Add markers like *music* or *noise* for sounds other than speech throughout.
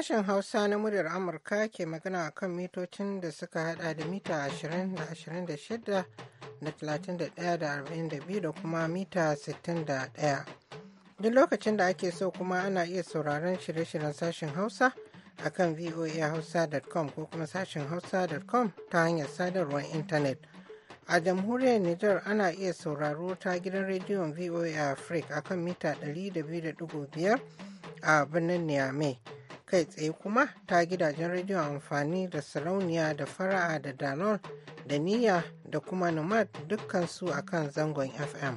Sashen Hausa na muryar Amurka ke magana a kan mitocin da suka hada da mita 20 da 26 da 31 da 42 da kuma mita 61. Duk lokacin da ake so kuma ana iya sauraron shirye-shiryen sashen Hausa a kan voahausa.com ko kuma sashen hausa.com ta hanyar sadarwar intanet. A jamhuriyar Nijar ana iya sauraro ta gidan rediyon VOA Africa a kan mita 200.5 a birnin Niamey. kai tsaye kuma ta gidajen rediyo amfani da sarauniya da fara'a da danon da niyya da kuma nomad dukkansu a kan zangon fm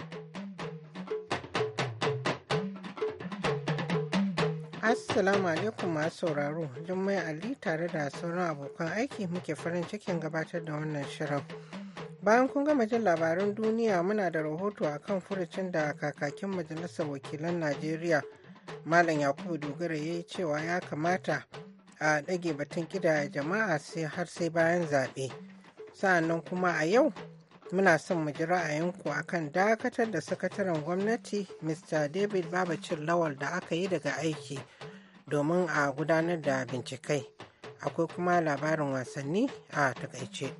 assalamu alaikum masu sauraro jummai ali tare da sauran abokan aiki muke farin cikin gabatar da wannan shirin bayan kun gama jin labaran duniya muna da rahoto akan furucin da kakakin majalisar wakilan najeriya malam yakubu dogara ya yi cewa ya kamata a ɗage batun gida jama'a sai har sai bayan zaɓe sa'annan kuma a yau muna son mu ji ra'ayinku akan dakatar da sakataren gwamnati mr david babacin lawal da aka yi daga aiki domin a gudanar da bincikai akwai kuma labarin wasanni a takaice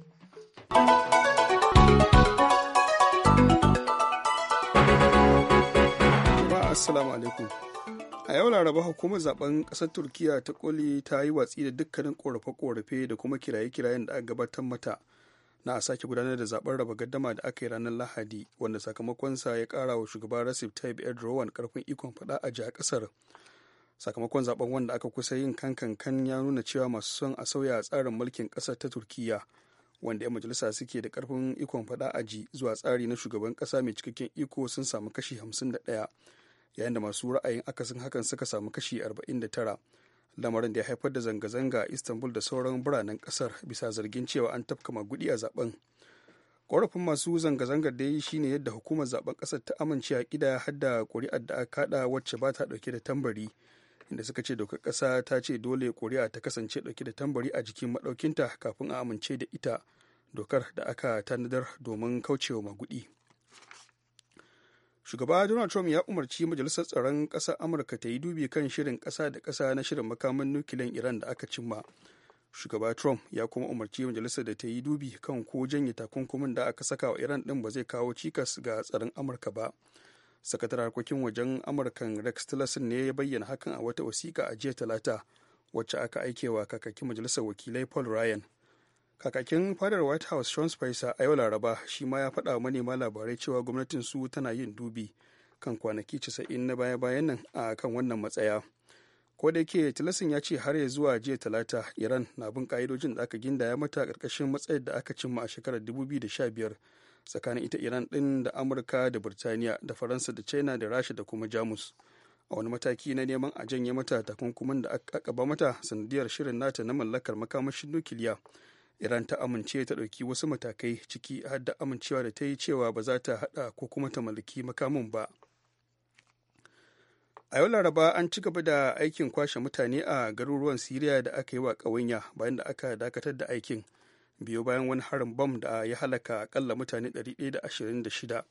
assalamu alaikum a yau laraba hukumar zaben kasar turkiya ta koli ta yi watsi da dukkanin korafe-korafe da kuma kiraye-kirayen da aka gabatar mata na a sake gudanar da zaben raba gaddama da aka yi ranar lahadi wanda sakamakonsa ya kara wa shugaban shugaba recep tayyip erdogan karfin ikon fada a jiha kasar sakamakon zaben wanda aka kusa yin kankan ya nuna cewa masu son a sauya tsarin mulkin kasar ta turkiya wanda 'yan majalisa suke da karfin ikon fada a ji zuwa tsari na shugaban kasa mai cikakken iko sun samu kashi da 51 yayin da masu ra'ayin akasin hakan suka samu kashi 49 lamarin da ya haifar da zanga-zanga a istanbul da sauran biranen kasar bisa zargin cewa an tafka magudi a zaben korafin masu zanga-zangar da yi shine yadda hukumar zaben kasar ta amince a kida hadda kuri'ar da aka kada wacce ba ta dauke da tambari inda suka ce dokar kasa ta ce dole kuri'a ta kasance dauke da tambari a jikin madaukinta kafin a amince da ita dokar da aka tanadar domin kaucewa magudi. shugaba donald trump ya umarci majalisar tsaron ƙasar amurka ta yi dubi kan shirin kasa da ƙasa na shirin makaman nukiliyan iran da aka cimma shugaba trump ya kuma umarci majalisar da ta yi dubi kan ko janye takunkumin da aka saka wa iran din ba zai kawo cikas ga tsaron amurka ba sakatar harkokin wajen amurkan rex tillerson ne ya bayyana hakan a wata wasiƙa a jiya talata wacce aka aikewa kakakin majalisar wakilai paul ryan kakakin fadar white house sean spicer a yau laraba shi ma ya faɗa manema labarai cewa gwamnatin su tana yin dubi kan kwanaki 90 na baya-bayan nan a kan wannan matsaya ko da yake tilasin ya ce har ya zuwa jiya talata iran na bin ka'idojin da aka ya mata karkashin matsayar da aka cimma a shekarar 2015 tsakanin ita iran ɗin da amurka da birtaniya da faransa da china da rasha da kuma jamus a wani mataki na neman a janye mata takunkuman da aka ba mata sanadiyar shirin nata na mallakar makamashin nukiliya iran ta amince ta ɗauki wasu matakai ciki har da amincewa da ta yi cewa ba za ta haɗa ko kuma ta mallaki makamin ba a yau laraba an ci gaba da aikin kwashe mutane a garuruwan siriya da aka yi wa ƙawanya bayan da aka dakatar da aikin biyo bayan wani harin bom da ya halaka akalla mutane 126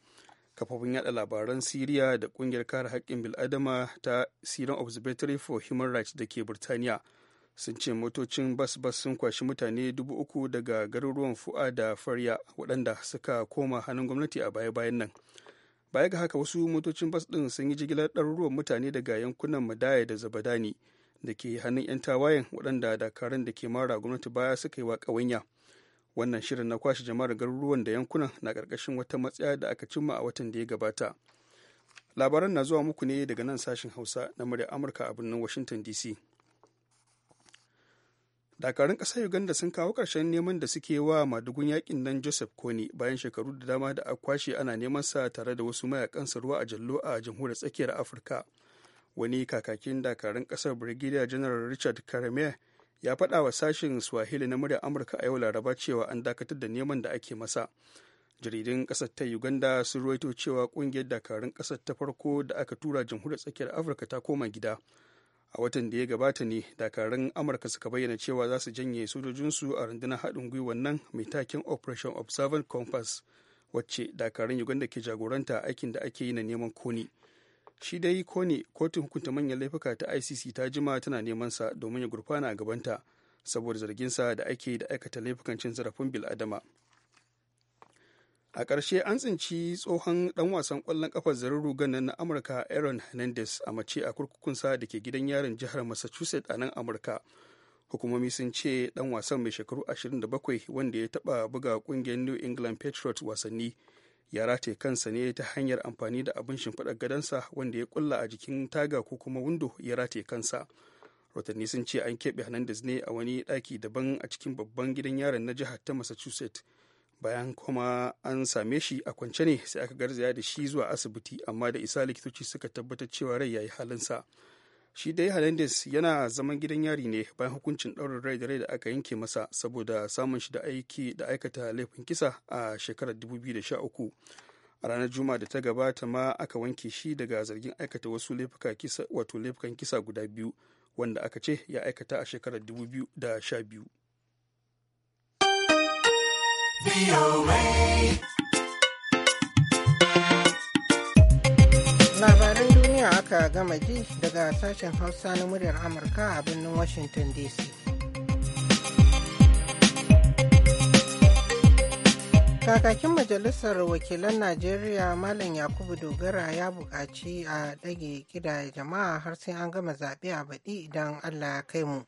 kafofin yada labaran siriya da ƙungiyar kare haƙƙin bil'adama ta Syrian observatory for human rights da ke birtaniya sun ce motocin bas-bas sun kwashi mutane dubu uku daga garuruwan fu'a da farya waɗanda suka koma hannun gwamnati a baya-bayan nan baya ga haka wasu motocin bas ɗin sun yi jigilar ɗaruruwan mutane daga yankunan madaya da zabadani da ke hannun 'yan tawayen waɗanda dakarun da ke mara gwamnati baya suka yi wa ƙawanya wannan shirin na kwashe jama'ar garuruwan da yankunan na ƙarƙashin wata matsaya da aka cimma a watan da ya gabata labaran na zuwa muku ne daga nan sashen hausa na murya amurka a birnin washington dc dakarun ƙasar uganda sun kawo ƙarshen neman da suke wa madugun yakin nan joseph kony bayan shekaru da dama da a kwashe ana neman sa tare da wasu mayakan ruwa a jallo a jamhuriyar tsakiyar afirka wani kakakin dakarun ƙasar brigadier general richard karamier ya faɗa wa sashen swahili na murya amurka a yau laraba cewa an dakatar da neman da ake masa jaridun ƙasar ta uganda sun ruwaito cewa ƙungiyar dakarun ƙasar ta farko da aka tura jamhuriyar tsakiyar afirka ta koma gida a watan da ya gabata ne dakarun amurka suka bayyana cewa za su janye sojojinsu a rundunar haɗin gwiwa nan mai taken operation observant compass wacce dakarun uganda ke jagoranta aikin da ake yi na neman koni shi dai koni kotun hukunta manyan laifuka ta icc ta jima tana neman sa domin ya gurfana a gabanta saboda zargin sa da ake da aikata laifukan cin zarafin bil'adama a ƙarshe an tsinci tsohon ɗan wasan ƙwallon ƙafar zarin rugan nan na amurka aaron hernandez a mace a kurkukunsa da ke gidan yarin jihar massachusetts a nan amurka hukumomi sun ce ɗan wasan mai shekaru 27 wanda ya taɓa buga ƙungiyar new england patriots wasanni ya rataye kansa ne ta hanyar amfani da abin shimfiɗar gadansa wanda ya kulla a jikin taga ko kuma windo ya rataye kansa rotanni sun ce an keɓe hernandez ne a wani ɗaki daban a cikin babban gidan yaron na jihar ta massachusetts bayan kuma an same shi a kwance ne sai aka garzaya da shi zuwa asibiti amma da isa likitoci suka tabbatar cewa rai yayi halinsa shi dai hernandez yana zaman gidan yari ne bayan hukuncin ɗaurin rai da rai da aka yanke masa saboda samun shi da aiki da aikata laifin kisa a shekarar 2013 a ranar juma'a da ta gabata ma aka wanke shi daga zargin aikata wasu wato laifukan kisa guda biyu wanda aka ce ya aikata a shekarar 2012 Labaran duniya aka gama ji daga sashen Hausa na muryar Amurka a birnin Washington DC. Kakakin Majalisar Wakilan Najeriya Malam Yakubu Dogara ya buƙaci a ɗage gida jama'a har sai an gama zaɓe a baɗi idan Allah ya kai mu.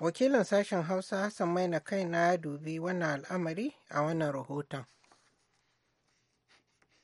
wakilin sashen hausa hassan mai na kai na dubi wannan al'amari a wannan rahoton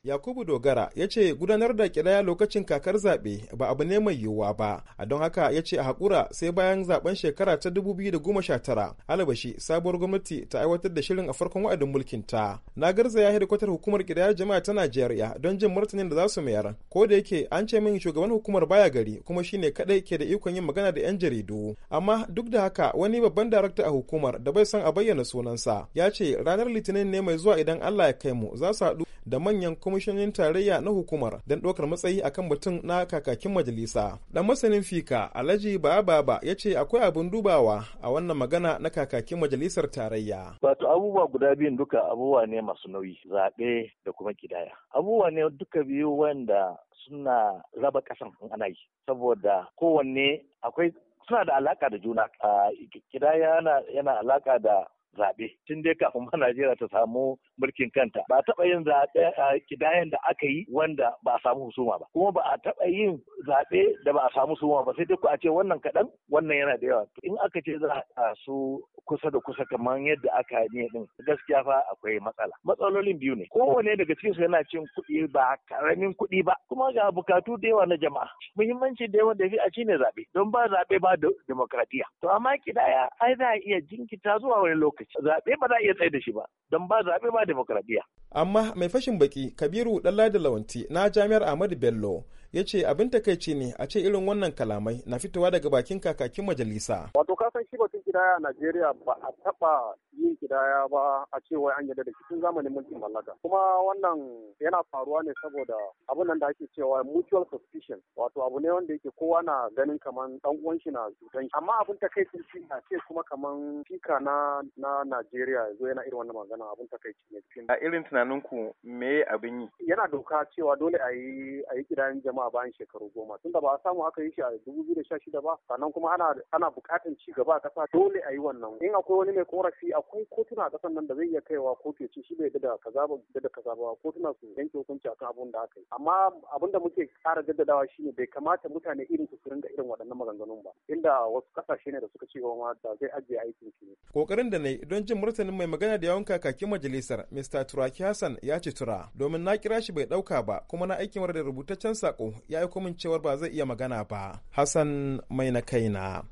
Yakubu Dogara ya ce gudanar da kidaya lokacin kakar zaɓe ba abu ne mai yiwuwa ba, a don haka ya ce a haƙura sai bayan zaben shekara ta 2019 alabashi sabuwar gwamnati ta aiwatar da shirin a farkon wa'adin mulkin ta. Na garzaya hedikwatar hukumar kidaya jama'a ta Najeriya don jin martanin da za su mayar. Ko da yake an ce min shugaban hukumar baya gari kuma shine kaɗai ke da ikon yin magana da 'yan jaridu. Amma duk da haka wani babban darakta a hukumar da bai son a bayyana sunansa ya ce ranar litinin ne mai zuwa idan Allah ya kai mu za su haɗu da manyan kuma kwamishinan tarayya na hukumar don ɗaukar matsayi akan batun na kakakin majalisa dan masanin fika alhaji baba ya ce akwai abin dubawa a wannan magana na kakakin majalisar tarayya wato abubuwa guda biyun duka abubuwa ne masu nauyi zaɓe da kuma kidaya abubuwa ne duka biyu wanda suna raba kasan ana yi saboda kowanne akwai suna da alaka da juna a kidaya yana alaka da zaɓe tun dai kafin ma Najeriya ta samu mulkin kanta ba taɓa yin zaɓe kidayen da aka yi wanda ba a samu husuma ba kuma ba a taɓa yin zaɓe da ba a samu husuma ba sai dai ku a ce wannan kaɗan wannan yana da yawa in aka ce za a su kusa da kusa kamar yadda aka yi din gaskiya fa akwai matsala matsalolin biyu ne kowane daga cikin su yana cin kuɗi ba karamin kuɗi ba kuma ga bukatu da yawa na jama'a muhimmanci da yawa da fi a shine zaɓe don ba zaɓe ba demokradiya to amma kidaya ai za a iya jinkita zuwa wani lokaci lokaci zaɓe ba za a iya tsaye da shi ba don ba zaɓe ba demokradiyya. amma mai fashin baki kabiru ladi lawanti na jami'ar ahmadu bello ya ce abin takaici ne a ce irin wannan kalamai na fitowa daga bakin kakakin majalisa. Wato kasan san shi batun kidaya a Najeriya ba a taɓa yin kidaya ba a ce wai an yadda da cikin zamanin mulkin mallaka. Kuma wannan yana faruwa ne saboda abin da ake cewa mutual suspicion wato abu ne wanda yake kowa na ganin kaman dan uwan shi na cutan shi. Amma abin takaici shi a ce kuma kaman fika na na Najeriya yanzu yana irin wannan magana abin takaici ne. A irin tunaninku me abin yi? Yana doka cewa dole a yi a yi jama'a samu bayan shekaru goma tunda ba a samu aka yi shi a dubu biyu da sha shida ba sannan kuma ana ana bukatan ci gaba a kasa. dole a yi wannan in akwai wani mai korafi akwai kotuna a kasan nan da zai iya kaiwa kotu ya ce shi bai da kaza ba da kaza ba kotuna su yanke hukunci akan abun da aka yi amma abun da muke kara jaddadawa shine bai kamata mutane irin su ringa irin waɗannan maganganun ba inda wasu kasashe ne da suka ci gaba da zai ajiye aikin shi kokarin da nayi don jin martanin mai magana da yawan kakakin majalisar Mr. Turaki Hassan ya ce tura domin na kira shi bai dauka ba kuma na aikin da rubutaccen sako ya yi komin cewar ba zai iya magana ba hassan mai na kaina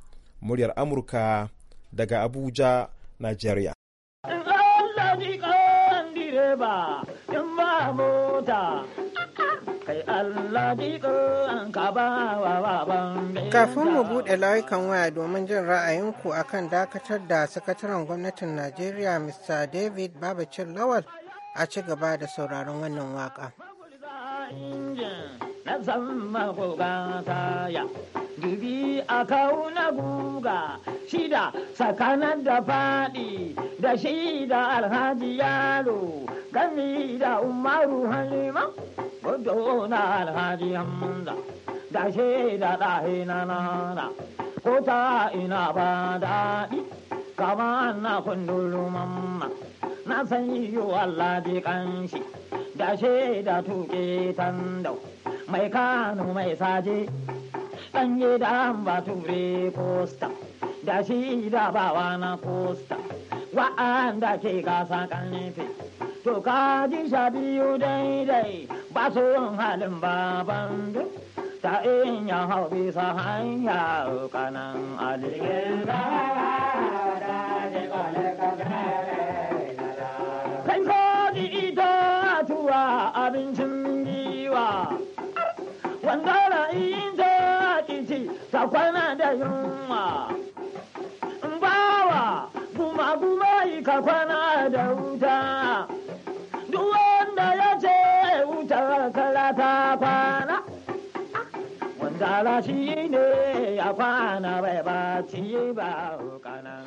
muryar amurka daga abuja nigeria kafin mu buɗe layukan waya domin jin ra'ayinku a kan dakatar da sakataren gwamnatin najeriya mr david babacin lawal a ci gaba da sauraron wannan waka. na zama gogata ya dubi a kauna guga shida tsakanin da faɗi da shida alhaji yaro gami da umaru halima na alhaji hamza da shida ɗahe na nana ko ta ina ba daɗi kama na kundulu mamma na san yi Allah ji kanshi da shida tuke tandau mai kano mai saje ɗan gida ba ture posta da shi da bawa na kosta wa'anda ke gasa kanife to ka ji sha biyu daidai ba su halin baban duk ta ya hau bisa hanya kanan alikin Kai ko ji ita tuwa abincin kankara in ta kici ta kwana da yunwa bawa kuma yi kwana da wuta duk wanda ya ce wuta kala ta kwana wanda shi ne ya kwana bai ba ci ba kanan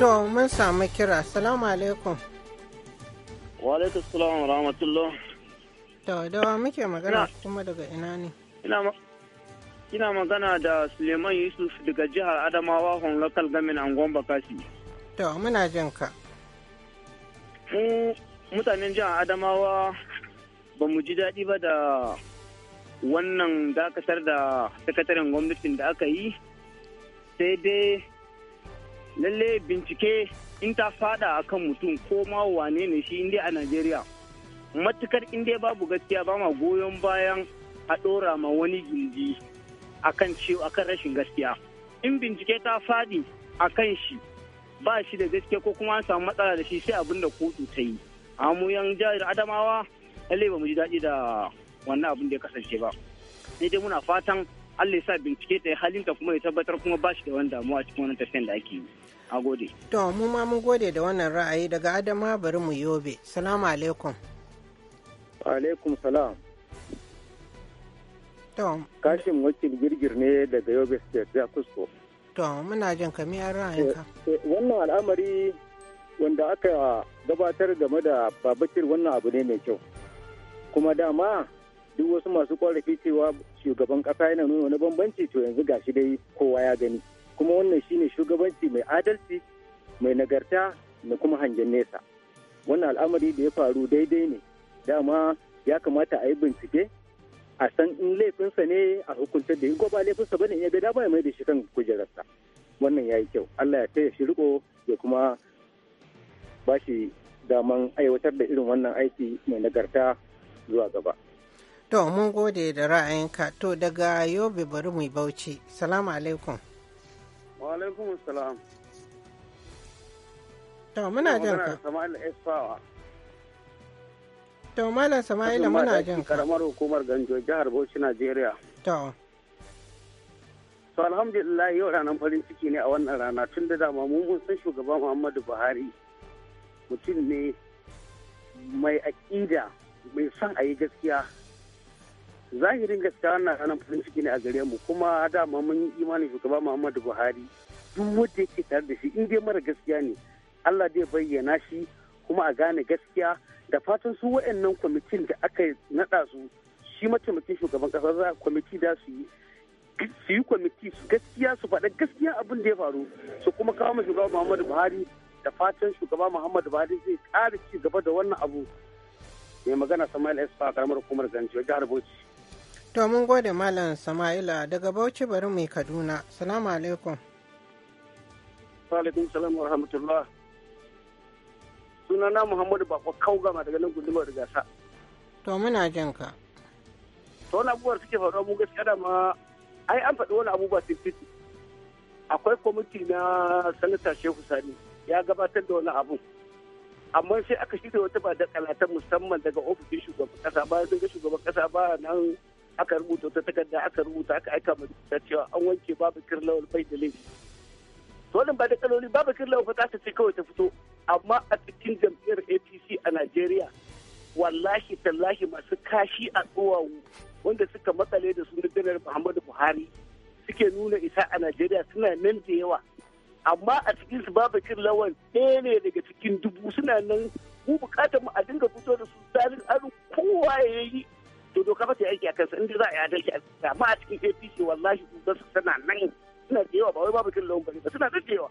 To mun samu kira. Salamu alaikum. Wa alaikum salamu wa rahmatullah. To dawa muke magana kuma daga ina ne? Ina magana da Suleiman Yusuf daga jihar Adamawa Hon Local Gamin Angon Bakasi. To muna jin ka. Mu mutanen jihar Adamawa ba mu ji daɗi ba da wannan dakatar da sakataren gwamnatin da aka yi sai dai lalle bincike in ta fada a kan mutum ko ma wane ne shi inda a najeriya matukar inda babu gaskiya ba ma goyon bayan a ɗora ma wani gindi akan akan rashin gaskiya in bincike ta fadi a kan shi ba shi da gaske ko kuma an samu matsala da shi sai abin da kotu ta yi amu yan jihar adamawa lalle ba mu ji daɗi da wannan abin da ya kasance ba sai dai muna fatan allah ya sa bincike ta yi halinta kuma ya tabbatar kuma ba shi da wani damuwa cikin wannan tafiyan da ake yi a gode to mu ma mun gode da wannan ra'ayi daga adama bari mu yobe salamu alaikum alaikum salam to kashin wakil girgir ne daga yobe state ya kusko to muna jin ka miyar ra'ayinka eh, eh, wannan al'amari wanda aka gabatar game da babakir wannan abu ne mai kyau kuma dama duk wasu masu ƙorafi cewa shugaban ƙasa yana nuna wani bambanci to yanzu gashi dai kowa ya gani kuma wannan shine shugabanci mai adalci mai nagarta da kuma hangen nesa wannan al'amari da ya faru daidai ne dama ya kamata a yi bincike a san in laifinsa ne a hukuntar da ko ba laifinsa bane ya ga dama ya mai da shi kan kujerarsa wannan ya yi kyau allah ya taya shi riko ya kuma ba shi daman aiwatar da irin wannan aiki mai nagarta zuwa gaba to mun gode da ra'ayinka to daga yobe bari mu bauchi salamu alaikum Wa alaikum salam. To muna jin ka. Sama'il Esfawa. To malam Sama'il muna jin ka. Karamar hukumar Ganjo jihar Bauchi Najeriya. To. To alhamdulillah yau ranar farin ciki ne a wannan rana tun da dama mun mun san shugaba Muhammadu Buhari mutum ne mai aƙida mai son a yi gaskiya zahirin gaskiya wannan ranar farin ciki ne a gare mu kuma dama mun yi imanin shugaba muhammadu buhari duk wanda yake tare da shi in dai mara gaskiya ne allah zai bayyana shi kuma a gane gaskiya da fatan su wa'annan kwamitin da aka naɗa su shi mataimakin shugaban kasa za kwamiti da su yi su yi kwamiti su gaskiya su faɗa gaskiya abin da ya faru su kuma kawo ma shugaba muhammadu buhari da fatan shugaba muhammadu buhari zai ƙara ci gaba da wannan abu mai magana samuel a karamar hukumar ganjiwa jihar bauchi To mun gode Malam Sama'ila daga Bauchi bari mai Kaduna. Salamu alaikum. Alaikum salam wa rahmatullah. Sunana Muhammadu Bako Kaugama daga nan gundumar gasa To muna jin ka. To wani abubuwar suke faruwa mu gaskiya da ma ai an faɗi wani abubuwa sun fiti. Akwai kwamiti na sanata Shehu Sani ya gabatar da wani abu. Amma sai aka shirya wata ba da musamman daga ofishin shugaban kasa ba sun ga shugaban kasa ba nan aka rubuta ta takarda aka rubuta aka aika mu da cewa an wanke babu kirlawar bai da laifi to wannan ba da kaloli babu kirlawar fa ta ce kawai ta fito amma a cikin jam'iyyar APC a Najeriya wallahi tallahi masu kashi a tsuwawu wanda suka matsale da su janar Muhammadu Buhari suke nuna isa a Najeriya suna nan da yawa amma a cikin su babu kirlawan ɗaya ne daga cikin dubu suna nan mu bukatar mu a dinga fito da su tsarin arin kowa ya yi to doka ba ta aiki a kansa inda za a yi adalci a kansa amma a cikin APC wallahi ba su sana nan suna da yawa ba wai babu killon bane ba suna da yawa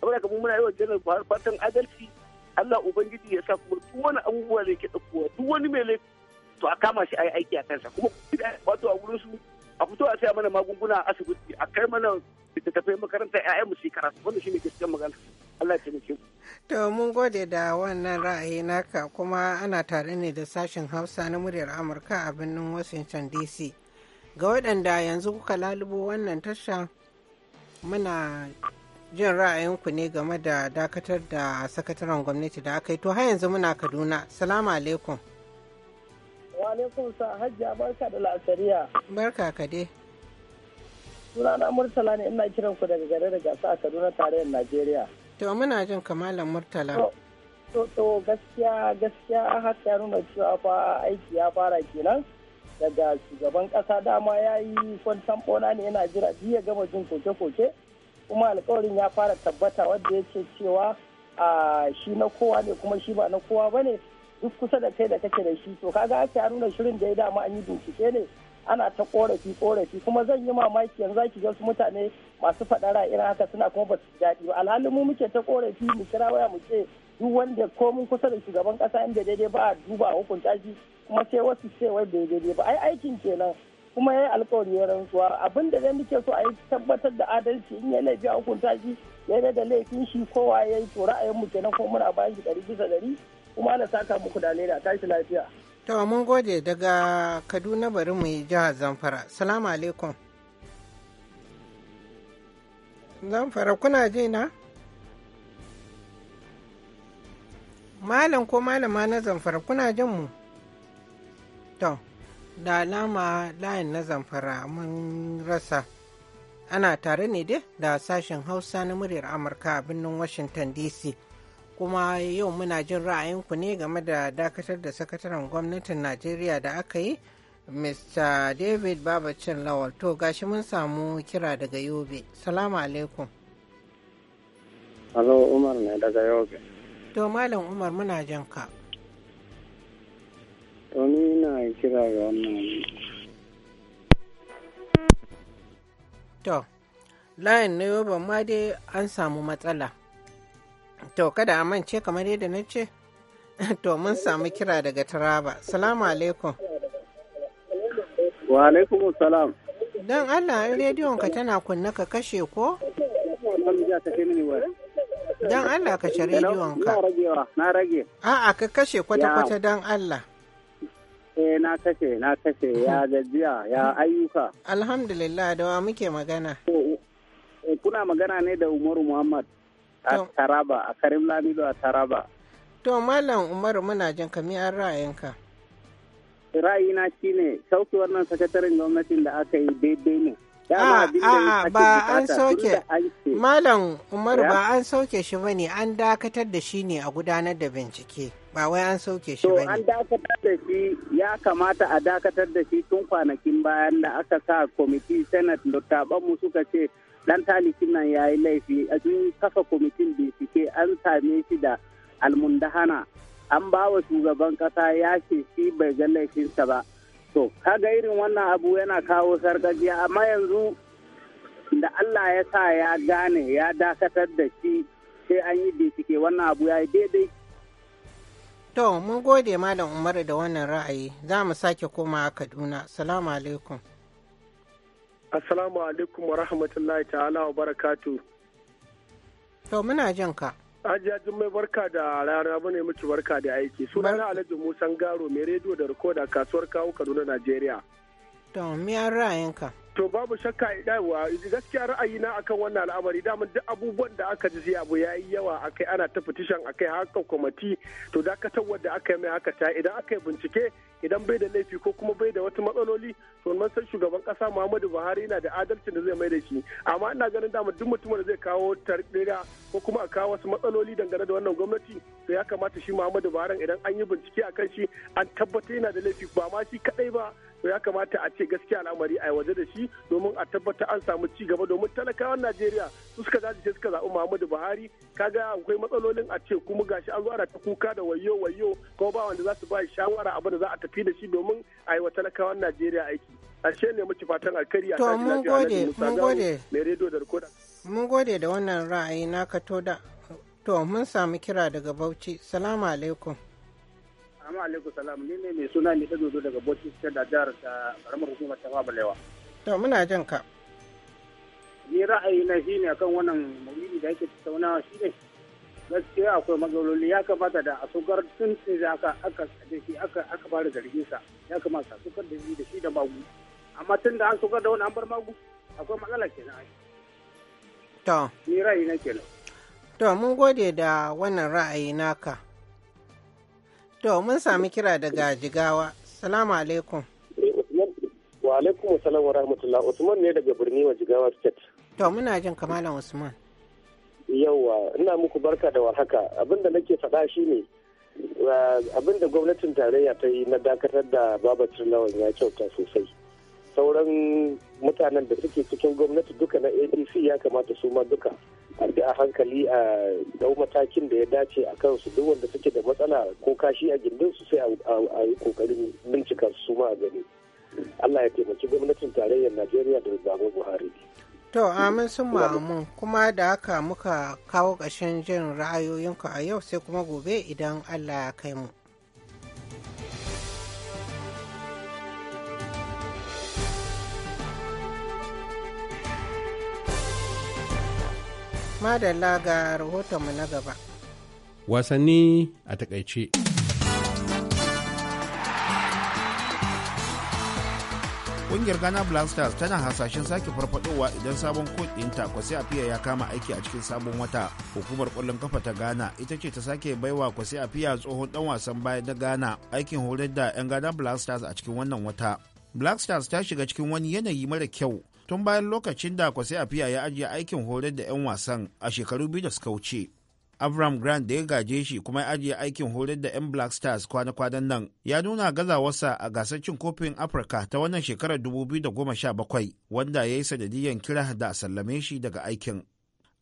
saboda kamar muna yawan janar Buhari fatan adalci Allah ubangiji ya sa kuma duk wani abubuwa da ke ɗaukowa duk wani mai laifi to a kama shi a yi aiki a kansa kuma wato a wurin su a fito a saya mana magunguna a asibiti a kai mana littattafai makaranta 'ya'yanmu su karatu wannan shine gaskiyar magana Allah ya To mun gode da wannan ra'ayi naka kuma ana tare ne da sashen Hausa na muryar Amurka a birnin Washington DC. Ga waɗanda yanzu kuka lalubo wannan tasha muna jin ra'ayinku ne game da dakatar da sakataren gwamnati da aka yi to har yanzu muna Kaduna. Salamu alaikum. Wa alaikum sa hajjia barka da la'asariya. Barka ka dai. Sunana Murtala ne ina kiran ku daga gare da gasa a Kaduna tarayyar Najeriya. to muna jin kamalan murtala to to gaskiya gaskiya a haka ya nuna cewa fa aiki ya fara kenan daga shugaban kasa dama ya yi kwantan bona ne yana jira ya gama jin koke-koke kuma alkawarin ya fara tabbata wadda ya ce cewa a shi na kowa ne kuma shi ba na kowa ba ne duk kusa da kai da kake da shi to kaga aka nuna shirin da ya dama an yi bincike ne ana ta korafi korafi kuma zan yi mamaki yanzu zaki ga wasu mutane masu faɗa ra'ayin haka suna kuma ba su daɗi ba alhalun mu muke ta korafi mu kira waya mu ce duk wanda ko mun kusa da shugaban kasa inda daidai ba a duba a hukunta shi kuma sai wasu ce wai bai daidai ba ai aikin kenan kuma ya yi alkawari ya rantsuwa abin da zai muke so a yi tabbatar da adalci in ya laifi a hukunta shi ya da laifin shi kowa ya yi to ra'ayin mu kenan ko muna bayan shi ɗari bisa ɗari kuma na saka muku da leda tashi lafiya. To mun gode daga Kaduna bari mu yi jihar Zamfara. Salamu alaikum. Zamfara kuna ji na? Malam ko malama na Zamfara kuna jin mu? To, da alama layin na Zamfara mun rasa. Ana tare ne dai da sashen Hausa na muryar Amurka a birnin Washington DC. kuma yau muna jin ra'ayinku ne game da dakatar da sakataren gwamnatin najeriya da aka yi mr david babacin lawal to gashi mun samu kira daga yobe salamu alaikum Hello, umar ne daga yobe to malam umar muna jin ka to ni na kira ga wannan to layin na yobe ma dai an samu matsala To kada a mance kamar yadda na ce? *laughs* To mun samu kira daga Taraba. Salamu alaikum. Wa alaikum salam. Don Allah rediyon ka tana kunna ka kashe ko? Don Allah ka ce rediyon ka. Na rage. A'a ka kashe kwata-kwata don Allah. Eh na kashe na kashe ya *laughs* gajiya ya ayyuka. Alhamdulillah da wa muke magana. Eh, kuna magana ne da Umaru Muhammad. a Taraba a Karim Lamido a Taraba. To Malam Umaru muna jin ka an ra'ayinka. Ra'ayina shine sauki wannan sakataren gwamnatin da aka yi daidai ne. A'a ah, ah, ah, ba an soke Malam Umaru ba an soke shi bane an dakatar da shi ne a gudanar da bincike ba wai an soke shi bane. To an dakatar da shi ya kamata a dakatar da shi tun kwanakin bayan da aka sa kwamiti senate da taɓan mu suka ce dan talikin nan ya yi laifi a sun kafa kwamitin bincike an same shi da almundahana an ba wa shugaban kasa ya ce shi bai ga laifinsa ba to kaga irin wannan abu yana kawo sargajiya amma yanzu da allah ya sa ya gane ya dakatar da shi sai an yi bincike wannan abu ya yi daidai to mun gode malam umaru da wannan ra'ayi za mu sake koma a kaduna salamu alaikum Assalamu alaikum wa rahmatullahi ta'ala wa barakatu. To muna jin ka. Hajiya Jummai barka da rana bane miki barka da aiki. suna na Alhaji Musan Garo mai rediyo da rikoda kasuwar kawo Kaduna Najeriya. To me ra'ayinka? to babu shakka yawa gaskiya ra'ayi na akan wannan al'amari daman duk abubuwan da aka ji abu ya yi yawa akai ana ta fitishan akai haka kwamati to dakatarwar da aka yi mai haka ta idan aka yi bincike idan bai da laifi ko kuma bai da wata matsaloli to mun san shugaban kasa Muhammadu Buhari yana da adalci da zai mai da shi amma ina ganin dama duk mutumin da zai kawo tarbira ko kuma a kawo wasu matsaloli dangane da wannan gwamnati to ya kamata shi Muhammadu Buhari idan an yi bincike akan shi an tabbata yana da laifi ba ma shi kadai ba to ya kamata a ce gaskiya al'amari a waje da shi domin a tabbata an samu ci gaba domin talakawan Najeriya su suka zaje suka zaɓi Muhammadu Buhari kaga akwai matsalolin a ce kuma gashi an zo ana ta kuka da wayo wayo ko ba wanda za su ba shawara abin da za a tafi da shi domin a yi wa talakawan Najeriya aiki ashe ne muke fatan alkari a tashi lafiya mun gode mai rediyo da rikoda mun gode da wannan ra'ayi naka to da to mun samu kira daga Bauchi salamu alaikum Assalamu alaikum salam ni ne mai suna ne ta dodo daga Bauchi ta da jihar ta karamar hukumar ta Balewa. To muna jin ka. Ni ra'ayi na shi ne akan wannan maulidi da yake tattaunawa shi ne gaskiya akwai matsaloli ya kamata da a sukar tun da aka aka shi aka aka fara zargin sa ya kamata a sukar da shi da shi da magu amma tun da an sukar da wani an bar magu akwai matsala kenan. To. Ni ra'ayi na kenan. To mun gode da wannan ra'ayi naka. To mun sami kira daga Jigawa. Salamu alaikum. Wa alaikum salam wa rahmatullah. Usman ne daga birni wa Jigawa State. To muna jin kamalan Usman. Yawwa, ina muku barka da warhaka. Abinda nake faɗa shi ne da gwamnatin tarayya ta yi na dakatar da babatun lawan ya kyauta sosai. Sauran mutanen da suke cikin gwamnati duka na APC ya kamata su ma duka a a hankali a dau matakin da ya dace a kansu duk wanda suke da matsala ko kashi a gindin su sai a yi kokarin bincika su ma gani Allah ya taimaki gwamnatin tarayyar Najeriya da Baba Buhari. To amin sun mu kuma da haka muka kawo ƙashin jin ra'ayoyinku a yau sai kuma gobe idan Allah ya kai mu. madalla ga rahotonmu na gaba wasanni a takaice kungiyar ghana Blasters tana hasashen sake farfadowa idan sabon kot ɗinta kwasi afiya ya kama aiki a cikin sabon wata hukumar kwallon kafa ta ghana ita ce ta sake baiwa kwasi afiya tsohon dan wasan baya na ghana aikin horar da 'yan ghana Blasters a cikin wannan wata Blasters ta shiga cikin wani yanayi mara kyau tun bayan lokacin da kwasai afiya ya ajiye aikin horar da 'yan wasan a shekaru biyu da suka wuce Abraham Grant da ya gaje shi kuma ya ajiye aikin horar da 'yan Black Stars kwana-kwanan nan ya nuna gazawarsa a gasar cin kofin Afirka ta wannan shekarar 2017 wanda ya yi sanadiyyar kira da a sallame shi daga aikin.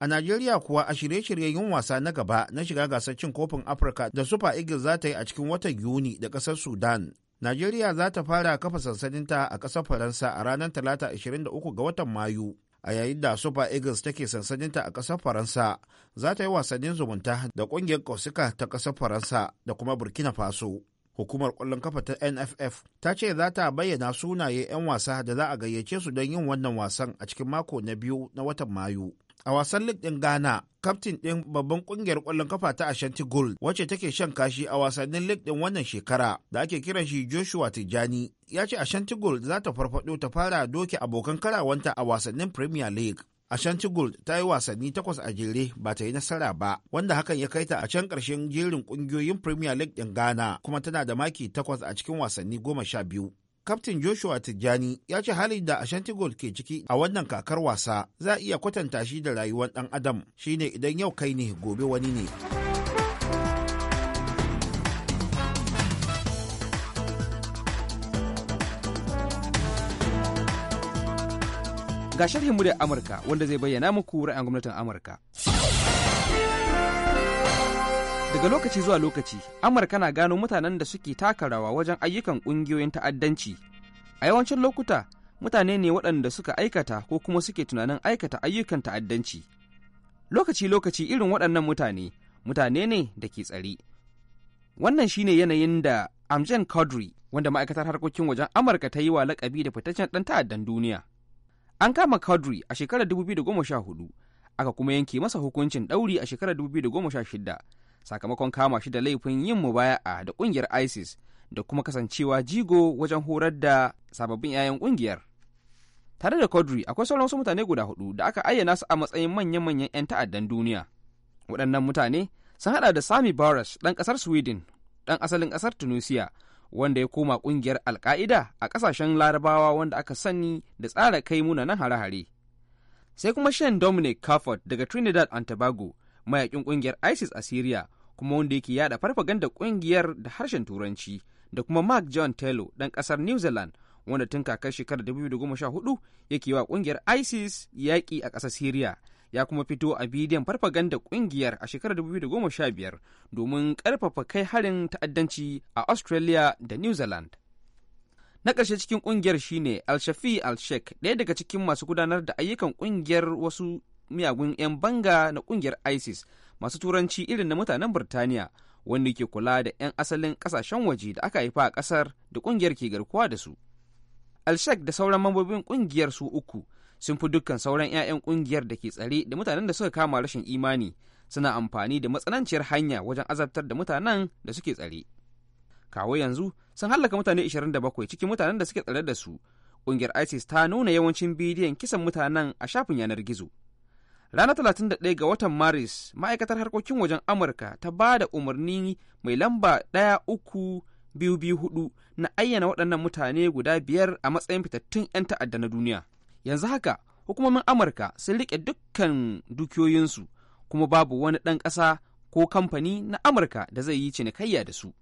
A Najeriya kuwa a shirye-shiryen yin wasa na gaba na shiga gasar cin kofin Afirka da Super Eagles za ta yi a cikin watan Yuni da ƙasar Sudan Najeriya za ta fara kafa sansaninta a ƙasar Faransa a ranar Talata 23 ga watan Mayu. A yayin da Super Eagles take sansaninta a ƙasar Faransa, za ta yi wasannin zumunta da ƙungiyar kosika ta ƙasar Faransa da kuma Burkina Faso. Hukumar ƙwallon kafa ta NFF ta ce za ta bayyana sunaye 'yan wasa da za a gayyace su don yin wannan wasan a cikin mako na biyu na watan Mayu. a wasan lig ɗin ghana kaftin ɗin babban ƙungiyar ƙwallon kafa ta ashanti gold wacce take shan kashi a wasannin lig ɗin wannan shekara da ake kiran shi joshua tijjani ya ce ashanti gold za ta farfaɗo ta fara doke abokan karawanta a wasannin premier league Ashanti Gold ta yi wasanni takwas a jere ba ta yi nasara ba, wanda hakan ya kai ta a can ƙarshen jerin ƙungiyoyin Premier League ɗin Ghana kuma tana da maki takwas a cikin wasanni goma sha biyu. Kaftin Joshua Tijjani ya ce halin da Ashanti Gold ke ciki a wannan kakar wasa za a iya kwatanta shi da rayuwar ɗan adam shine idan yau kai ne gobe wani ne. Ga sharhin mu da Amurka wanda zai bayyana muku ra'ayin gwamnatin Amurka. Daga lokaci zuwa lokaci, Amurka na gano mutanen da suke taka rawa wajen ayyukan ƙungiyoyin ta'addanci. A yawancin lokuta, mutane ne waɗanda suka aikata ko kuma suke tunanin aikata ayyukan ta'addanci. Lokaci-lokaci irin waɗannan mutane, mutane ne da ke tsare. Wannan shine yanayin da Amjan Kadri, wanda ma'aikatar harkokin wajen Amurka ta yi wa lakabi da fitaccen ɗan ta'addan duniya. An kama Kadri a shekarar 2014, aka kuma yanke masa hukuncin ɗauri a shekarar 2016 sakamakon kama shi da laifin yin mubaya'a da kungiyar isis da kuma kasancewa jigo wajen horar da sababbin 'ya'yan kungiyar tare da kodri akwai sauran wasu mutane guda hudu da aka ayyana su a matsayin manyan manyan 'yan ta'addan duniya waɗannan mutane sun hada da sami barash ɗan ƙasar sweden ɗan asalin ƙasar tunisia wanda ya koma ƙungiyar alka'ida a ƙasashen larabawa wanda aka sani da tsara kai munanan hare-hare sai kuma shan dominic Carford daga trinidad and tobago mayakin ƙungiyar isis a syria kuma wanda yake yada farfaganda kungiyar da harshen turanci da kuma mark john taylor dan kasar new zealand wanda tun kakar shekarar 2014 yake wa kungiyar isis yaƙi a ƙasar syria ya kuma fito a bidiyon farfaganda kungiyar a shekarar 2015 domin karfafa kai harin ta'addanci a australia da new zealand na ƙarshe cikin ƙungiyar shine al-shafi al-sheikh ɗaya daga cikin masu gudanar da ayyukan ƙungiyar wasu miyagun 'yan banga na ƙungiyar isis masu turanci irin na mutanen Birtaniya wanda ke kula da 'yan asalin kasashen waje da aka haifa a ƙasar da ƙungiyar ke garkuwa da su. Alshek da sauran mambobin ƙungiyar su uku sun fi dukkan sauran 'ya'yan ƙungiyar da ke tsare da mutanen da suka kama rashin imani suna amfani da matsananciyar hanya wajen azabtar da mutanen da suke tsare. Kawo yanzu sun hallaka mutane 27 cikin mutanen da suke tsare da su. Ƙungiyar ISIS ta nuna yawancin bidiyon kisan mutanen a shafin yanar gizo. Ranar 31 ga watan Maris, ma'aikatar harkokin wajen Amurka ta ba da umarni mai lamba ɗaya uku biyu biyu na ayyana waɗannan mutane guda biyar a matsayin fitattun 'yan ta'adda na duniya. Yanzu haka, hukumomin Amurka sun riƙe dukkan dukiyoyinsu kuma babu wani ɗan ƙasa ko kamfani na Amurka da zai yi cinikayya da su.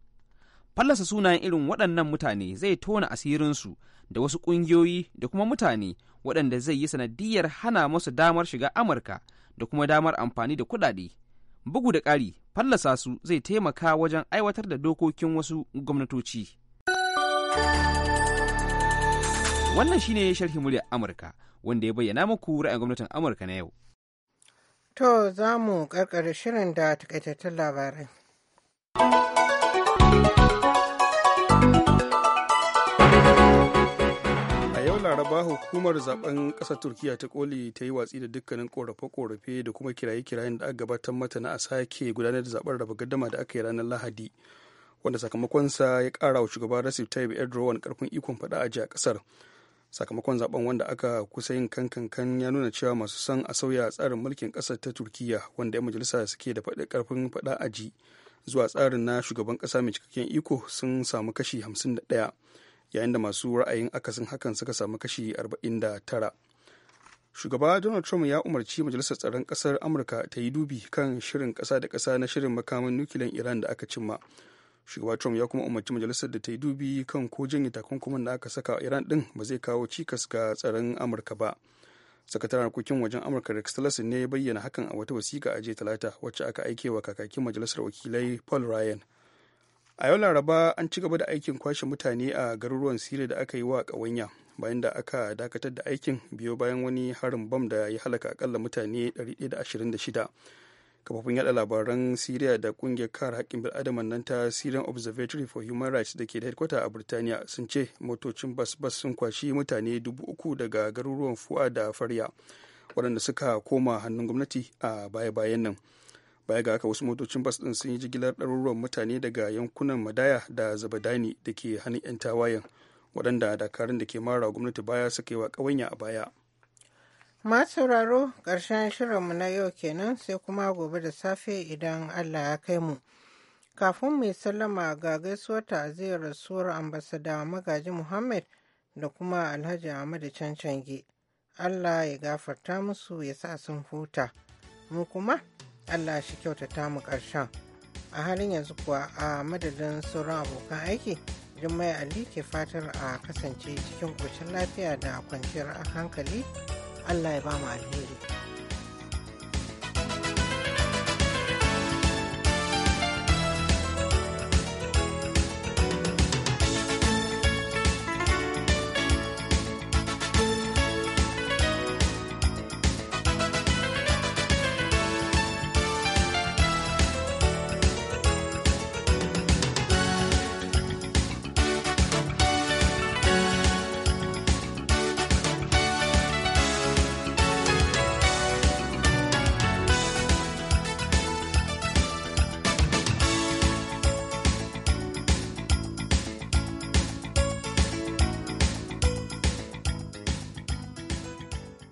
Fallasa sunayen irin waɗannan mutane zai tona asirinsu da wasu ƙungiyoyi da kuma mutane waɗanda zai yi sanadiyar hana musu damar shiga amurka da kuma damar amfani da kuɗaɗe bugu da ƙari fallasa su zai taimaka wajen aiwatar da dokokin wasu gwamnatoci wannan shi shine sharhi murya amurka wanda ya bayyana muku ra'ayin gwamnatin amurka na yau to za mu karkare shirin da takaitattun labarai laraba hukumar zaben ƙasar turkiya ta koli ta yi watsi da dukkanin korafe-korafe da kuma kiraye-kirayen da aka gabatar mata na a sake gudanar da zaben raba gaddama da aka yi ranar lahadi wanda sakamakonsa ya kara wa shugaba Recep Tayyip Erdogan karfin ikon faɗa a jiya kasar. Sakamakon zaben wanda aka kusa yin kankan ya nuna cewa masu son a sauya tsarin mulkin kasar ta Turkiyya wanda 'yan majalisa suke da faɗi karfin faɗa aji zuwa tsarin na shugaban kasa mai cikakken iko sun samu kashi 51. yayin da masu ra'ayin akasin hakan suka samu kashi 49 shugaba donald trump ya umarci majalisar tsaron kasar amurka ta yi dubi kan shirin kasa da kasa na shirin makamin nukiliyan iran da aka cimma shugaba trump ya kuma umarci majalisar da ta yi dubi kan ko janye takunkumin da aka saka iran din ba zai kawo cikas ga tsaron amurka ba sakataren harkokin wajen amurka rex tillerson ne ya bayyana hakan a wata wasiƙa a jiya talata wacce aka aike wa kakakin majalisar wakilai paul ryan a yau laraba an ci gaba da aikin kwashe mutane a garuruwan siriya da aka yi wa ƙawanya bayan da aka dakatar da aikin biyo bayan wani harin bam da ya halaka akalla mutane 126 kafofin yada labaran siriya da kungiyar kar haƙƙin bil'adama nan ta syrian observatory for human rights da ke da headquarter a birtaniya sun ce motocin bas-bas sun kwashi mutane dubu uku daga garuruwan fuwa da farya waɗanda suka koma hannun gwamnati a baya-bayan nan baya ga aka wasu motocin bas ɗin sun yi jigilar ɗaruruwan mutane daga yankunan madaya da zabadani da ke hannun 'yan tawayen waɗanda dakarun da ke mara gwamnati baya suka yi wa ƙawanya a baya masu sauraro ƙarshen shirinmu na yau kenan sai kuma gobe da safe idan allah ya kai mu kafin mai sallama ga gaisuwar ta'aziyar rasuwar ambasada magaji muhammad da kuma alhaji ahmadu cancange allah ya gafarta musu ya sa sun huta mu kuma allah shi kyautata mu ƙarshen a halin yanzu kuwa a madadin sauran abokan aiki jummai ali ke fatar a kasance cikin ƙoshin lafiya da kwanciyar hankali allah ya ba mu alheri